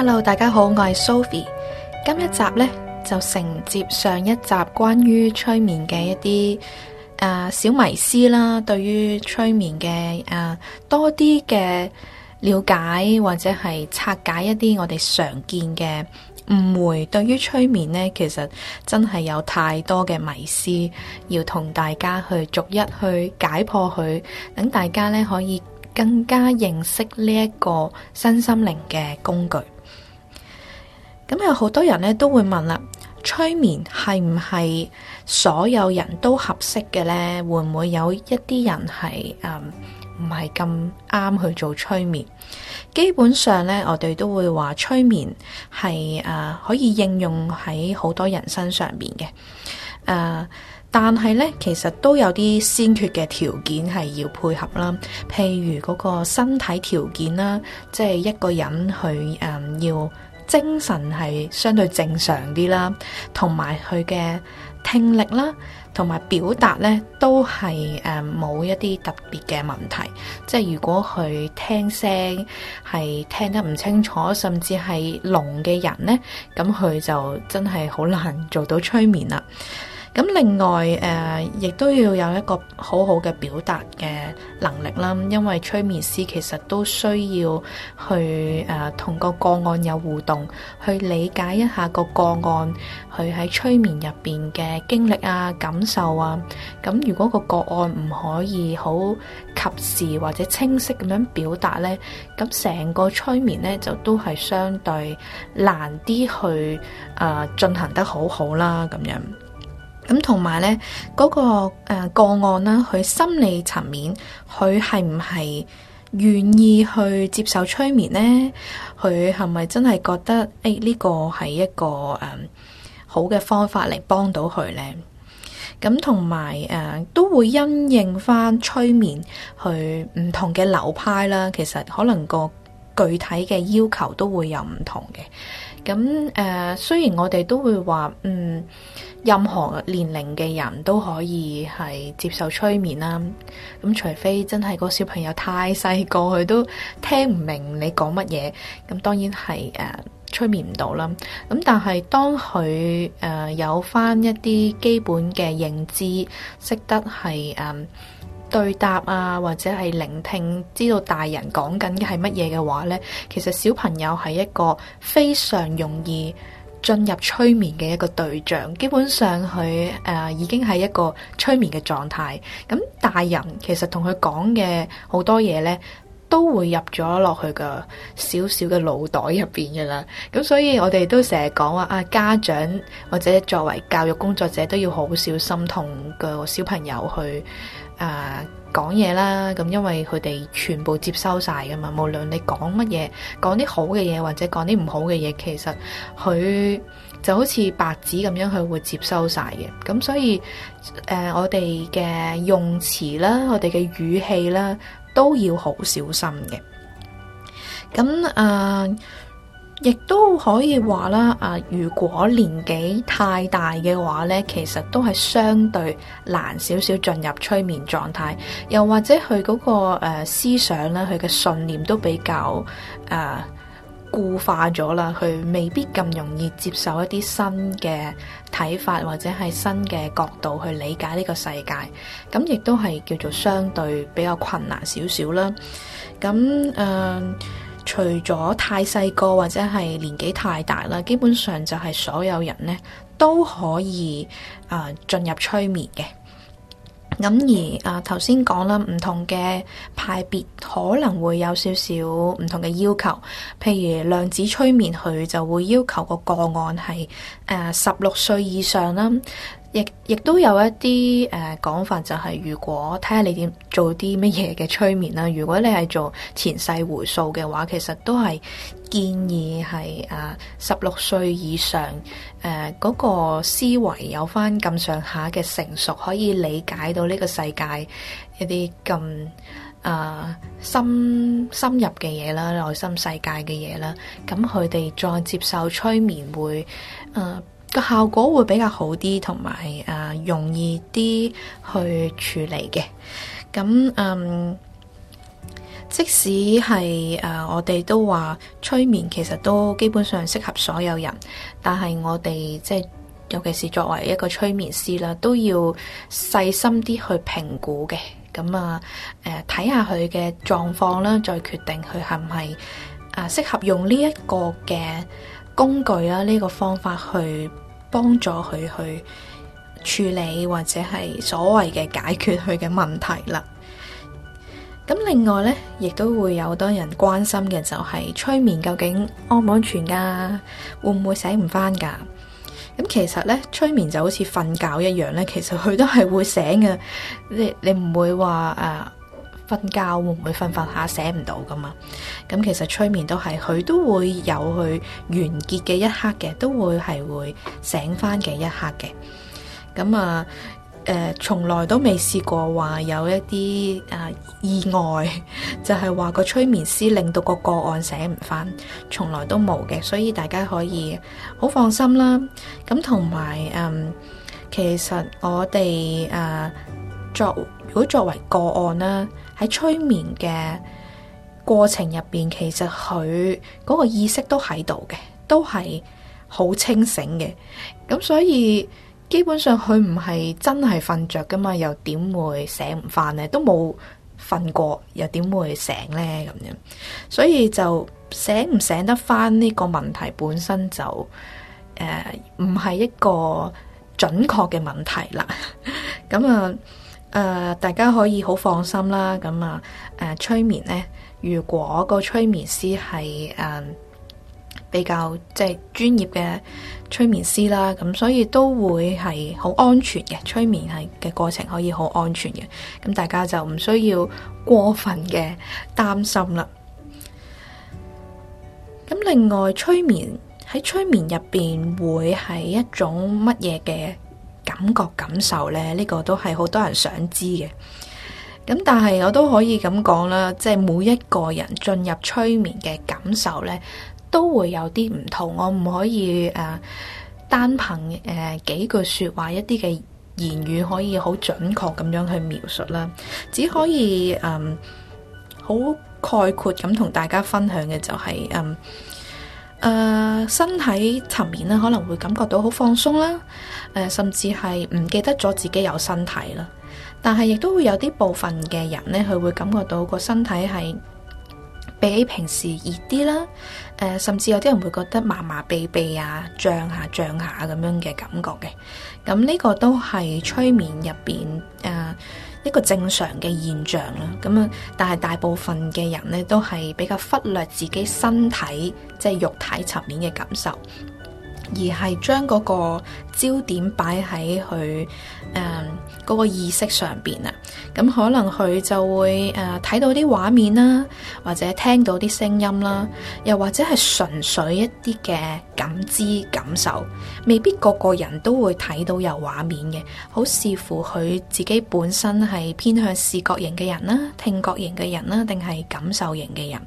Hello，大家好，我係 Sophie。今一集咧就承接上一集關於催眠嘅一啲誒、呃、小迷思啦。對於催眠嘅誒、呃、多啲嘅了解，或者係拆解一啲我哋常見嘅誤會。對於催眠咧，其實真係有太多嘅迷思要同大家去逐一去解破佢，等大家咧可以更加認識呢一個身心靈嘅工具。咁有好多人呢都會問啦，催眠係唔係所有人都合適嘅呢？會唔會有一啲人係唔係咁啱去做催眠？基本上呢，我哋都會話催眠係誒、呃、可以應用喺好多人身上面嘅誒、呃，但係呢，其實都有啲先決嘅條件係要配合啦，譬如嗰個身體條件啦，即係一個人佢誒、呃、要。精神係相對正常啲啦，同埋佢嘅聽力啦，同埋表達呢都係誒冇一啲特別嘅問題。即係如果佢聽聲係聽得唔清楚，甚至係聾嘅人呢，咁佢就真係好難做到催眠啦。咁另外誒，亦都要有一個好好嘅表達嘅能力啦，因為催眠師其實都需要去誒同個個案有互動，去理解一下個個案，佢喺催眠入邊嘅經歷啊、感受啊。咁如果個個案唔可以好及時或者清晰咁樣表達呢，咁成個催眠呢就都係相對難啲去誒進行得好好啦，咁樣。咁同埋呢嗰、那個誒個案啦，佢心理層面，佢係唔係願意去接受催眠呢？佢係咪真係覺得誒呢個係一個誒、嗯、好嘅方法嚟幫到佢呢？咁同埋誒都會因應返催眠，去唔同嘅流派啦。其實可能個具體嘅要求都會有唔同嘅。咁誒、呃，雖然我哋都會話，嗯，任何年齡嘅人都可以係接受催眠啦。咁除非真係個小朋友太細個，佢都聽唔明你講乜嘢，咁當然係誒、呃、催眠唔到啦。咁但係當佢誒、呃、有返一啲基本嘅認知，識得係嗯，呃對答啊，或者係聆聽，知道大人講緊嘅係乜嘢嘅話呢，其實小朋友係一個非常容易進入催眠嘅一個對象，基本上佢誒、呃、已經係一個催眠嘅狀態。咁大人其實同佢講嘅好多嘢呢，都會入咗落去個小小嘅腦袋入邊噶啦。咁所以我哋都成日講話啊，家長或者作為教育工作者都要好小心同個小朋友去。啊，講嘢、uh, 啦，咁因為佢哋全部接收晒㗎嘛，無論你講乜嘢，講啲好嘅嘢或者講啲唔好嘅嘢，其實佢就好似白紙咁樣，佢會接收晒嘅。咁所以，誒、uh, 我哋嘅用詞啦，我哋嘅語氣啦，都要好小心嘅。咁啊。Uh, 亦都可以話啦，啊，如果年紀太大嘅話呢，其實都係相對難少少進入催眠狀態，又或者佢嗰、那個誒、呃、思想咧，佢嘅信念都比較誒、呃、固化咗啦，佢未必咁容易接受一啲新嘅睇法或者係新嘅角度去理解呢個世界，咁亦都係叫做相對比較困難少少啦，咁誒。呃除咗太細個或者係年紀太大啦，基本上就係所有人呢都可以啊，進入催眠嘅。咁、嗯、而啊頭先講啦，唔同嘅派別可能會有少少唔同嘅要求，譬如量子催眠佢就會要求個個案係誒十六歲以上啦。呃亦亦都有一啲誒講法，就係如果睇下你點做啲乜嘢嘅催眠啦。如果你係做前世回溯嘅話，其實都係建議係啊十六歲以上誒嗰、呃嗰個思維有翻咁上下嘅成熟，可以理解到呢個世界一啲咁啊深深入嘅嘢啦，內心世界嘅嘢啦。咁佢哋再接受催眠會誒。呃個效果會比較好啲，同埋誒容易啲去處理嘅。咁嗯，即使係誒、啊、我哋都話催眠其實都基本上適合所有人，但係我哋即係尤其是作為一個催眠師啦，都要細心啲去評估嘅。咁啊誒睇下佢嘅狀況啦，再決定佢係唔係啊適合用呢一個嘅。工具啦、啊、呢、這個方法去幫助佢去處理或者係所謂嘅解決佢嘅問題啦。咁另外呢，亦都會有好多人關心嘅就係催眠究竟安唔安全噶、啊，會唔會醒唔返噶？咁其實呢，催眠就好似瞓覺一樣呢，其實佢都係會醒嘅，你你唔會話啊。瞓覺會唔會瞓瞓下醒唔到㗎嘛？咁其實催眠都係，佢都會有去完結嘅一刻嘅，都會係會醒返嘅一刻嘅。咁啊，誒、呃、從來都未試過話有一啲啊、呃、意外，就係、是、話個催眠師令到個個案醒唔返，從來都冇嘅，所以大家可以好放心啦。咁同埋嗯，其實我哋啊、呃、作，如果作為個案咧，喺催眠嘅過程入邊，其實佢嗰個意識都喺度嘅，都係好清醒嘅。咁所以基本上佢唔係真係瞓着㗎嘛，又點會醒唔返呢？都冇瞓過，又點會醒呢？咁樣，所以就醒唔醒得返呢個問題本身就誒唔係一個準確嘅問題啦。咁 啊～誒，uh, 大家可以好放心啦，咁啊，誒、uh，催眠呢，如果個催眠師係誒、uh, 比較即係專業嘅催眠師啦，咁所以都會係好安全嘅，催眠係嘅過程可以好安全嘅，咁大家就唔需要過分嘅擔心啦。咁另外，催眠喺催眠入邊會係一種乜嘢嘅感覺感受咧，呢、這個都係好多人想知嘅。咁但係我都可以咁講啦，即係每一個人進入催眠嘅感受呢，都會有啲唔同。我唔可以誒、呃，單憑誒、呃、幾句說話、一啲嘅言語，可以好準確咁樣去描述啦。只可以嗯，好、呃、概括咁同大家分享嘅就係、是、嗯。呃誒、呃，身體層面咧，可能會感覺到好放鬆啦，誒、呃，甚至係唔記得咗自己有身體啦。但係亦都會有啲部分嘅人咧，佢會感覺到個身體係比平時熱啲啦，誒、呃，甚至有啲人會覺得麻麻痹痹啊，脹下脹下咁樣嘅感覺嘅。咁、呃、呢、這個都係催眠入邊誒。呃一個正常嘅現象啦，咁啊，但係大部分嘅人咧都係比較忽略自己身體，即係肉體層面嘅感受。而係將嗰個焦點擺喺佢誒嗰個意識上邊啊，咁可能佢就會誒睇到啲畫面啦，或者聽到啲聲音啦，又或者係純粹一啲嘅感知感受，未必個個人都會睇到有畫面嘅，好視乎佢自己本身係偏向視覺型嘅人啦、聽覺型嘅人啦，定係感受型嘅人。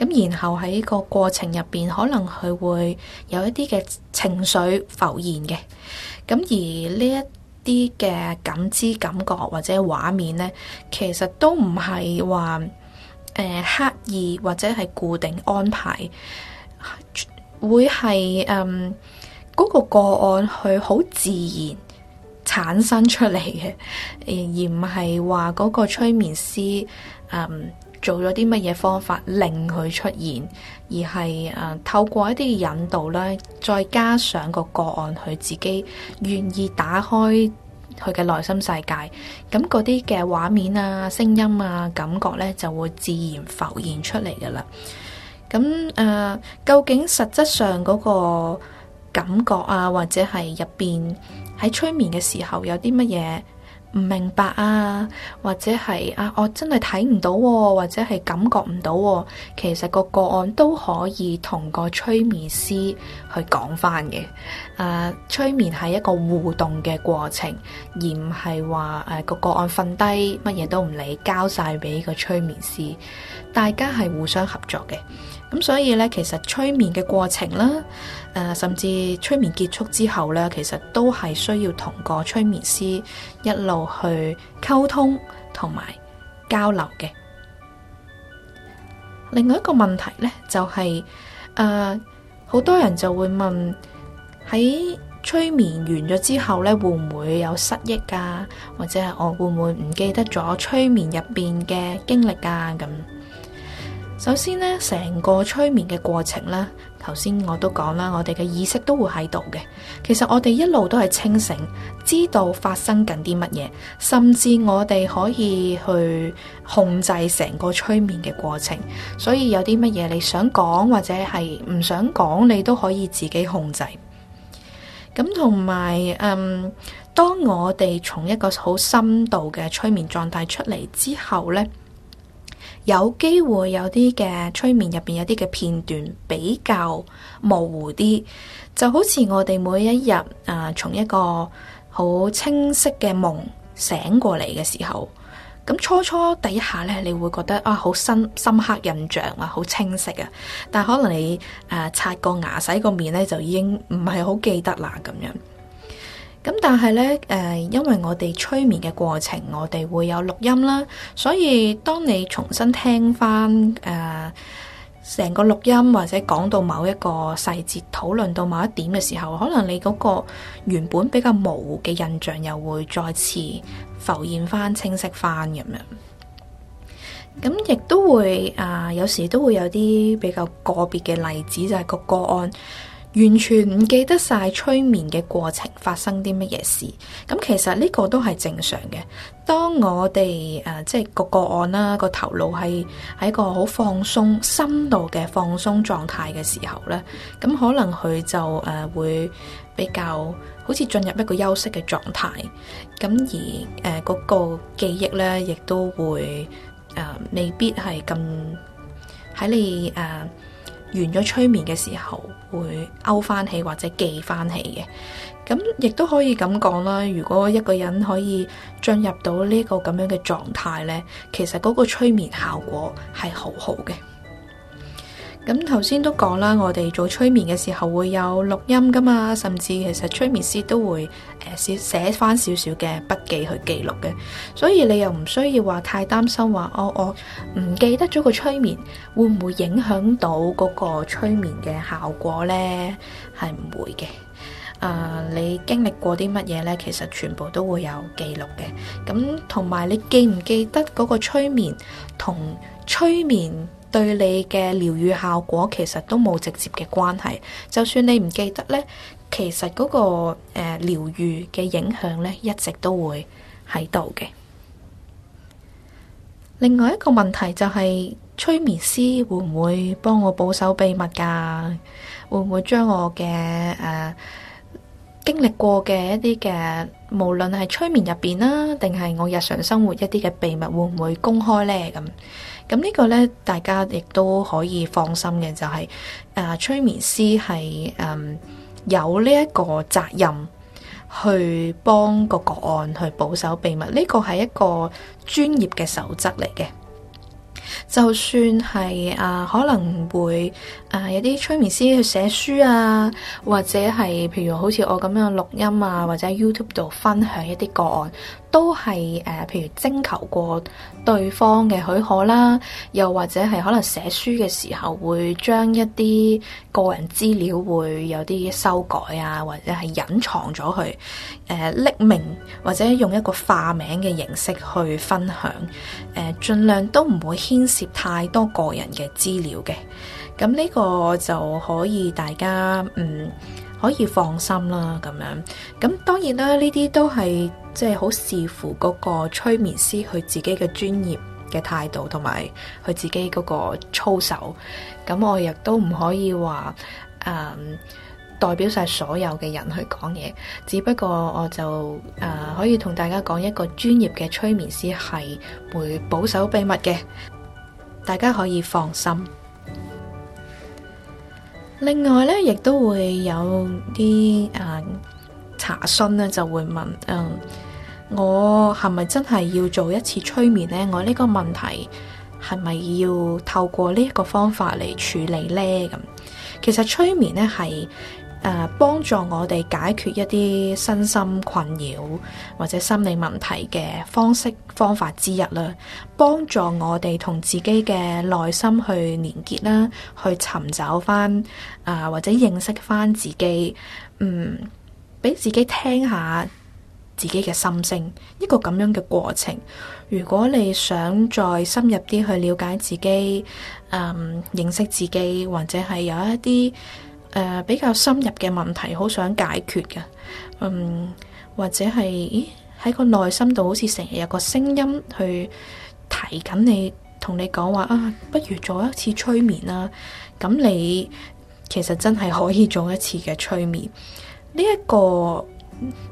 咁然後喺個過程入邊，可能佢會有一啲嘅情緒浮現嘅。咁而呢一啲嘅感知、感覺或者畫面呢，其實都唔係話誒刻意或者係固定安排，會係誒嗰個個案佢好自然產生出嚟嘅，而唔係話嗰個催眠師誒，嗯做咗啲乜嘢方法令佢出現，而係誒、呃、透過一啲引導咧，再加上個個案佢自己願意打開佢嘅內心世界，咁嗰啲嘅畫面啊、聲音啊、感覺咧就會自然浮現出嚟噶啦。咁誒、呃，究竟實質上嗰個感覺啊，或者係入邊喺催眠嘅時候有啲乜嘢？唔明白啊，或者係啊，我真係睇唔到，啊，或者係感覺唔到，啊，其實個個案都可以同個催眠師去講翻嘅。啊，催眠係一個互動嘅過程，而唔係話誒個個案瞓低，乜嘢都唔理，交晒俾個催眠師，大家係互相合作嘅。咁所以咧，其實催眠嘅過程啦，誒，甚至催眠結束之後咧，其實都係需要同個催眠師一路去溝通同埋交流嘅。另外一個問題咧，就係誒，好多人就會問，喺催眠完咗之後咧，會唔會有失憶啊，或者係我會唔會唔記得咗催眠入邊嘅經歷啊咁？首先呢，成個催眠嘅過程啦。頭先我都講啦，我哋嘅意識都會喺度嘅。其實我哋一路都係清醒，知道發生緊啲乜嘢，甚至我哋可以去控制成個催眠嘅過程。所以有啲乜嘢你想講或者係唔想講，你都可以自己控制。咁同埋嗯，當我哋從一個好深度嘅催眠狀態出嚟之後呢，有機會有啲嘅催眠入邊有啲嘅片段比較模糊啲，就好似我哋每一日啊、呃，從一個好清晰嘅夢醒過嚟嘅時候，咁初初第一下呢，你會覺得啊，好深深刻印象啊，好清晰啊，但可能你誒刷個牙、呃、洗個面呢，就已經唔係好記得啦咁樣。咁但係咧，誒、呃，因為我哋催眠嘅過程，我哋會有錄音啦，所以當你重新聽翻誒成個錄音，或者講到某一個細節，討論到某一點嘅時候，可能你嗰個原本比較模糊嘅印象，又會再次浮現翻、清晰翻咁樣。咁亦都會，啊、呃，有時都會有啲比較個別嘅例子，就係、是、個個案。完全唔記得晒催眠嘅過程發生啲乜嘢事，咁其實呢個都係正常嘅。當我哋誒即係個個案啦，個頭腦係喺個好放鬆深度嘅放鬆狀態嘅時候呢，咁可能佢就誒、呃、會比較好似進入一個休息嘅狀態，咁而誒嗰、呃那個記憶咧，亦都會誒、呃、未必係咁喺你誒。呃完咗催眠嘅時候，會勾翻起或者記翻起嘅，咁亦都可以咁講啦。如果一個人可以進入到呢個咁樣嘅狀態呢，其實嗰個催眠效果係好好嘅。咁頭先都講啦，我哋做催眠嘅時候會有錄音㗎嘛，甚至其實催眠師都會誒寫寫返少少嘅筆記去記錄嘅，所以你又唔需要話太擔心話，哦，我我唔記得咗個催眠會唔會影響到嗰個催眠嘅效果呢？係唔會嘅。誒，你經歷過啲乜嘢呢？其實全部都會有記錄嘅。咁同埋你記唔記得嗰個催眠同催眠對你嘅療愈效果其實都冇直接嘅關係，就算你唔記得呢，其實嗰個誒療愈嘅影響呢一直都會喺度嘅。另外一個問題就係催眠師會唔會幫我保守秘密㗎？會唔會將我嘅誒經歷過嘅一啲嘅，無論係催眠入邊啦，定係我日常生活一啲嘅秘密，會唔會公開呢？咁，咁呢個呢，大家亦都可以放心嘅，就係、是、誒催眠師係誒、嗯、有呢一個責任去幫個個案去保守秘密，呢、這個係一個專業嘅守則嚟嘅。就算係誒、啊、可能會。啊，有啲催眠師去寫書啊，或者係譬如好似我咁樣錄音啊，或者喺 YouTube 度分享一啲個案，都係誒、啊，譬如徵求過對方嘅許可啦，又或者係可能寫書嘅時候會將一啲個人資料會有啲修改啊，或者係隱藏咗去、啊、匿名或者用一個化名嘅形式去分享，誒、啊、盡量都唔會牽涉太多個人嘅資料嘅。咁呢個就可以大家嗯可以放心啦，咁樣。咁當然啦，呢啲都係即係好視乎嗰個催眠師佢自己嘅專業嘅態度同埋佢自己嗰個操守。咁我亦都唔可以話誒、呃、代表晒所有嘅人去講嘢，只不過我就誒、呃、可以同大家講一個專業嘅催眠師係會保守秘密嘅，大家可以放心。另外咧，亦都會有啲啊查詢咧，就會問：嗯，我係咪真係要做一次催眠呢？我呢個問題係咪要透過呢一個方法嚟處理呢？嗯，咁其實催眠咧係。誒，幫助我哋解決一啲身心困擾或者心理問題嘅方式方法之一啦，幫助我哋同自己嘅內心去連結啦，去尋找翻啊或者認識翻自己，嗯，俾自己聽下自己嘅心聲，一個咁樣嘅過程。如果你想再深入啲去了解自己，嗯，認識自己，或者係有一啲。誒，uh, 比較深入嘅問題，好想解決嘅，嗯、um，或者係咦，喺個內心度，好似成日有個聲音去提緊你，同你講話啊，不如做一次催眠啦。咁你其實真係可以做一次嘅催眠。呢、這、一個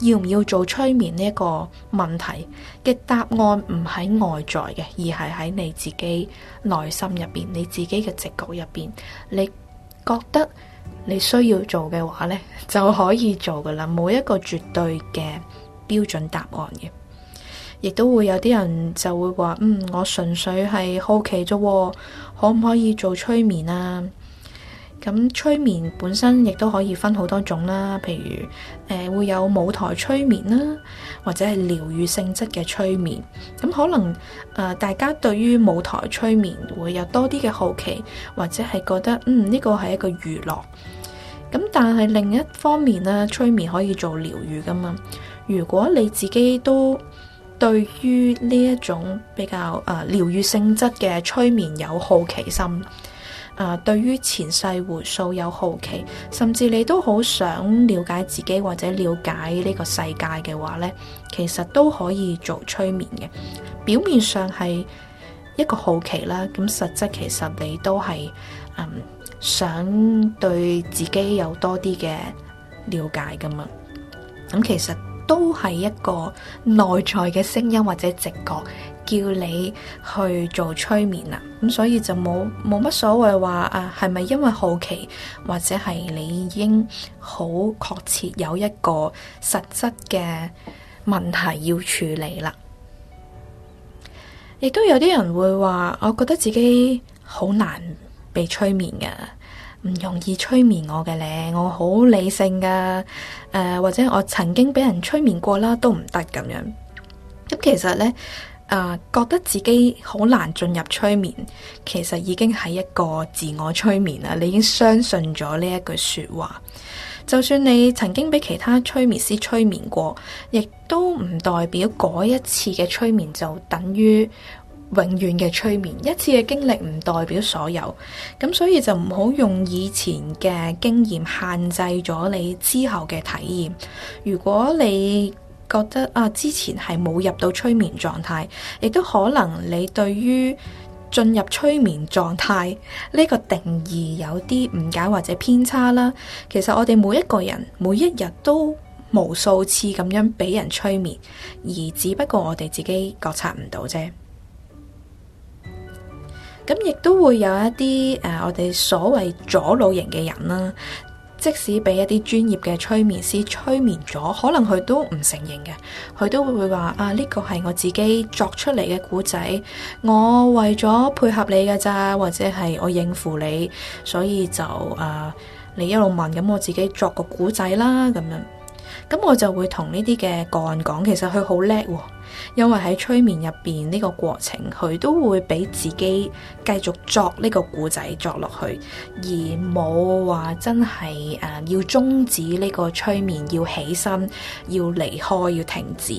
要唔要做催眠呢一個問題嘅答案，唔喺外在嘅，而係喺你自己內心入邊，你自己嘅直覺入邊，你覺得。你需要做嘅話呢就可以做噶啦，冇一個絕對嘅標準答案嘅，亦都會有啲人就會話：嗯，我純粹係好奇啫，可唔可以做催眠啊？咁催眠本身亦都可以分好多種啦，譬如誒、呃、會有舞台催眠啦，或者係療愈性質嘅催眠。咁可能誒、呃、大家對於舞台催眠會有多啲嘅好奇，或者係覺得嗯呢、這個係一個娛樂。咁但係另一方面咧，催眠可以做療愈㗎嘛。如果你自己都對於呢一種比較誒療愈性質嘅催眠有好奇心，啊，對於前世回溯有好奇，甚至你都好想了解自己或者了解呢個世界嘅話呢，其實都可以做催眠嘅。表面上係一個好奇啦，咁實質其實你都係、嗯、想對自己有多啲嘅了解噶嘛。咁其實都係一個內在嘅聲音或者直覺。叫你去做催眠啦，咁所以就冇冇乜所謂話啊，係咪因為好奇或者係你已經好確切有一個實質嘅問題要處理啦？亦都有啲人會話，我覺得自己好難被催眠嘅，唔容易催眠我嘅咧。我好理性噶，誒、呃、或者我曾經俾人催眠過啦，都唔得咁樣。咁、啊、其實呢。啊，uh, 覺得自己好難進入催眠，其實已經係一個自我催眠啦。你已經相信咗呢一句説話，就算你曾經俾其他催眠師催眠過，亦都唔代表嗰一次嘅催眠就等於永遠嘅催眠。一次嘅經歷唔代表所有，咁所以就唔好用以前嘅經驗限制咗你之後嘅體驗。如果你覺得啊，之前係冇入到催眠狀態，亦都可能你對於進入催眠狀態呢個定義有啲誤解或者偏差啦。其實我哋每一個人每一日都無數次咁樣俾人催眠，而只不過我哋自己覺察唔到啫。咁亦都會有一啲誒、啊，我哋所謂左腦型嘅人啦。即使俾一啲專業嘅催眠師催眠咗，可能佢都唔承認嘅，佢都會話：啊呢個係我自己作出嚟嘅故仔，我為咗配合你嘅咋，或者係我應付你，所以就啊，你一路問，咁我自己作個古仔啦，咁樣，咁我就會同呢啲嘅個人講，其實佢好叻喎。因為喺催眠入面呢個過程，佢都會俾自己繼續作呢個古仔，作落去，而冇話真係誒，要終止呢個催眠，要起身，要離開，要停止。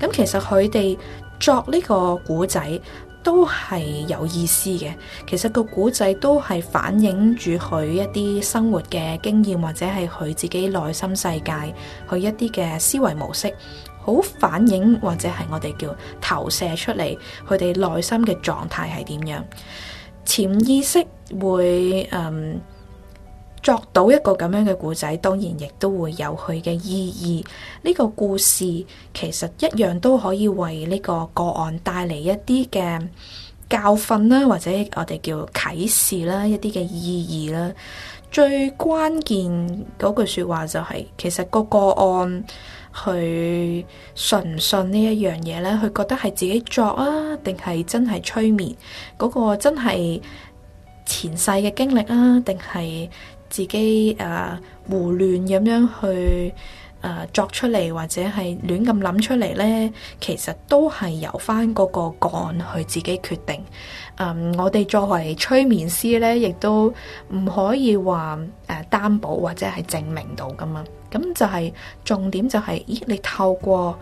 咁其實佢哋作呢個古仔都係有意思嘅。其實個古仔都係反映住佢一啲生活嘅經驗，或者係佢自己內心世界，佢一啲嘅思維模式。好反映，或者係我哋叫投射出嚟，佢哋內心嘅狀態係點樣？潛意識會嗯作到一個咁樣嘅故仔，當然亦都會有佢嘅意義。呢個故事其實一樣都可以為呢個個案帶嚟一啲嘅教訓啦，或者我哋叫啟示啦，一啲嘅意義啦。最關鍵嗰句說話就係，其實個個案去信唔信呢一樣嘢呢？佢覺得係自己作啊，定係真係催眠？嗰個真係前世嘅經歷啊，定係自己誒、呃、胡亂咁樣去誒、呃、作出嚟，或者係亂咁諗出嚟呢？其實都係由返嗰個個案去自己決定。誒、嗯，我哋作為催眠師呢，亦都唔可以話誒、呃、擔保或者係證明到㗎嘛。咁就係重點、就是，就係咦，你透過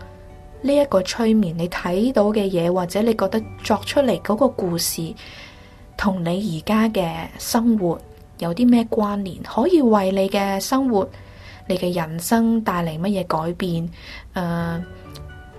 呢一個催眠，你睇到嘅嘢，或者你覺得作出嚟嗰個故事，同你而家嘅生活有啲咩關聯？可以為你嘅生活、你嘅人生帶嚟乜嘢改變？誒、呃，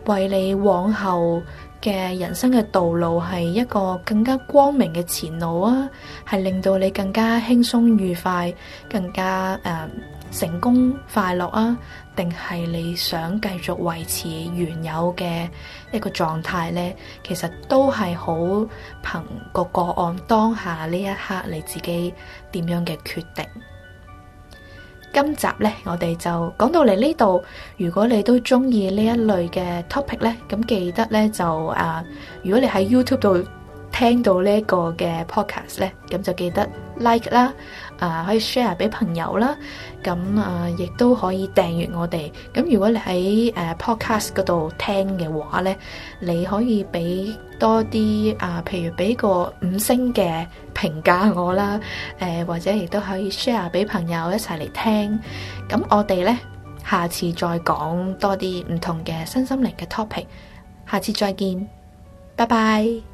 為你往後嘅人生嘅道路係一個更加光明嘅前路啊！係令到你更加輕鬆愉快，更加誒。呃成功、快樂啊，定係你想繼續維持原有嘅一個狀態呢？其實都係好憑個個案，當下呢一刻你自己點樣嘅決定。今集呢，我哋就講到嚟呢度。如果你都中意呢一類嘅 topic 呢，咁記得呢，就啊、呃，如果你喺 YouTube 度聽到呢一個嘅 podcast 呢，咁就記得 like 啦。啊，uh, 可以 share 俾朋友啦，咁啊，亦、uh, 都可以訂閱我哋。咁如果你喺誒、uh, podcast 嗰度聽嘅話咧，你可以俾多啲啊，uh, 譬如俾個五星嘅評價我啦。誒、呃，或者亦都可以 share 俾朋友一齊嚟聽。咁我哋咧，下次再講多啲唔同嘅身心靈嘅 topic。下次再見，拜拜。